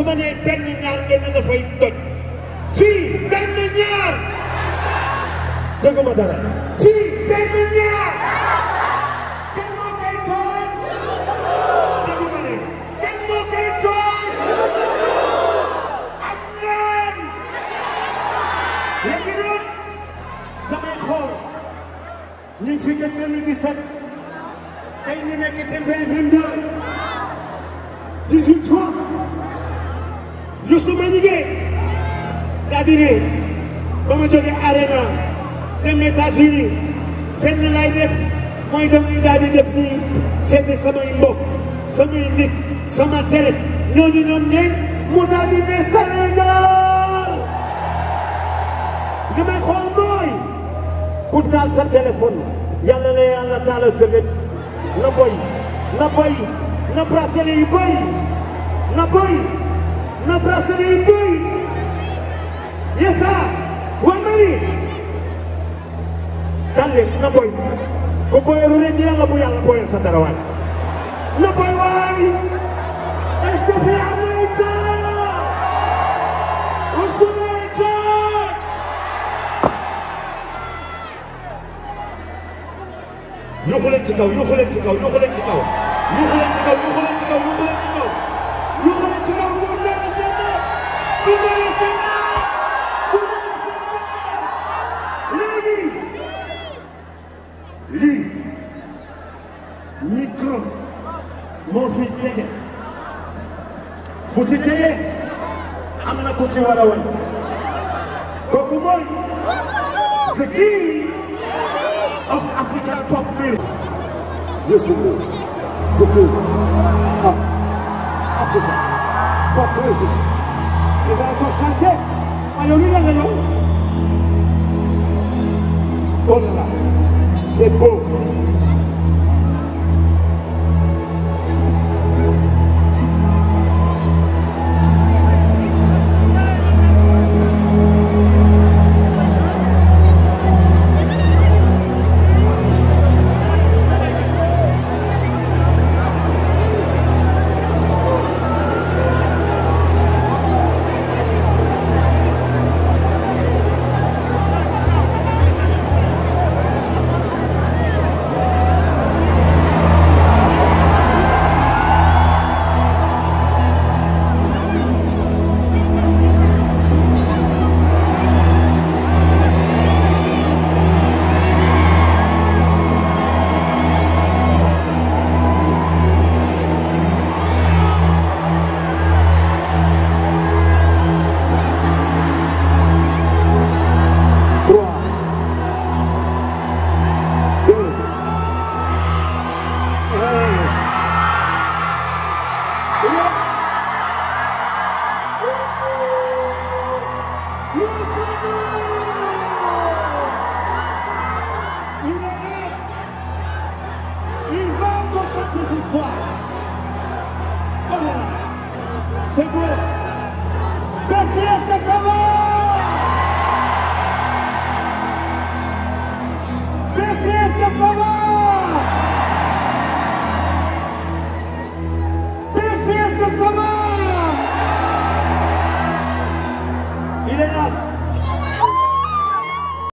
su ma nee benn ñaar ngeen na fay toj fii benn ñaar dégg ma dara fii benn ñaar kan moo koy tooñ dégg ma ne kan moo koy tooñ ak naan léegi nag damay xool ñu ngi fi gën 2017 tey ñu nekk ci 2022 18 fois Youssou ma liggéey daa di ne ba ma jógee arena dem États-Unis fenn lay def mooy damay daa def nii seeti samay mbokk samay nit sama télé ñooñu ñoom neen mu daa di ne Sénégal li may xool mooy ku taal sa téléphone yàlla na yàlla taalal sa lépp boy na boy na bracelet yi boy na boy nabrazane iboi yesa wangani dalle na boy ko boyeru rek yàlla bu yàlla boyal sa dara waay na boy waay est-ce que fii am na ci kaw yuxu ci kaw yuxu ci kaw yuxu ci kaw yuxu ci kaw ci kaw moo fi tege bu ci tege am na ku ci war a woon kooku mooy the king of African pop music. Listen to the king of African pop music. Dina ko sante ayolina la yow. C'est bon. Merci, est-ce que ça va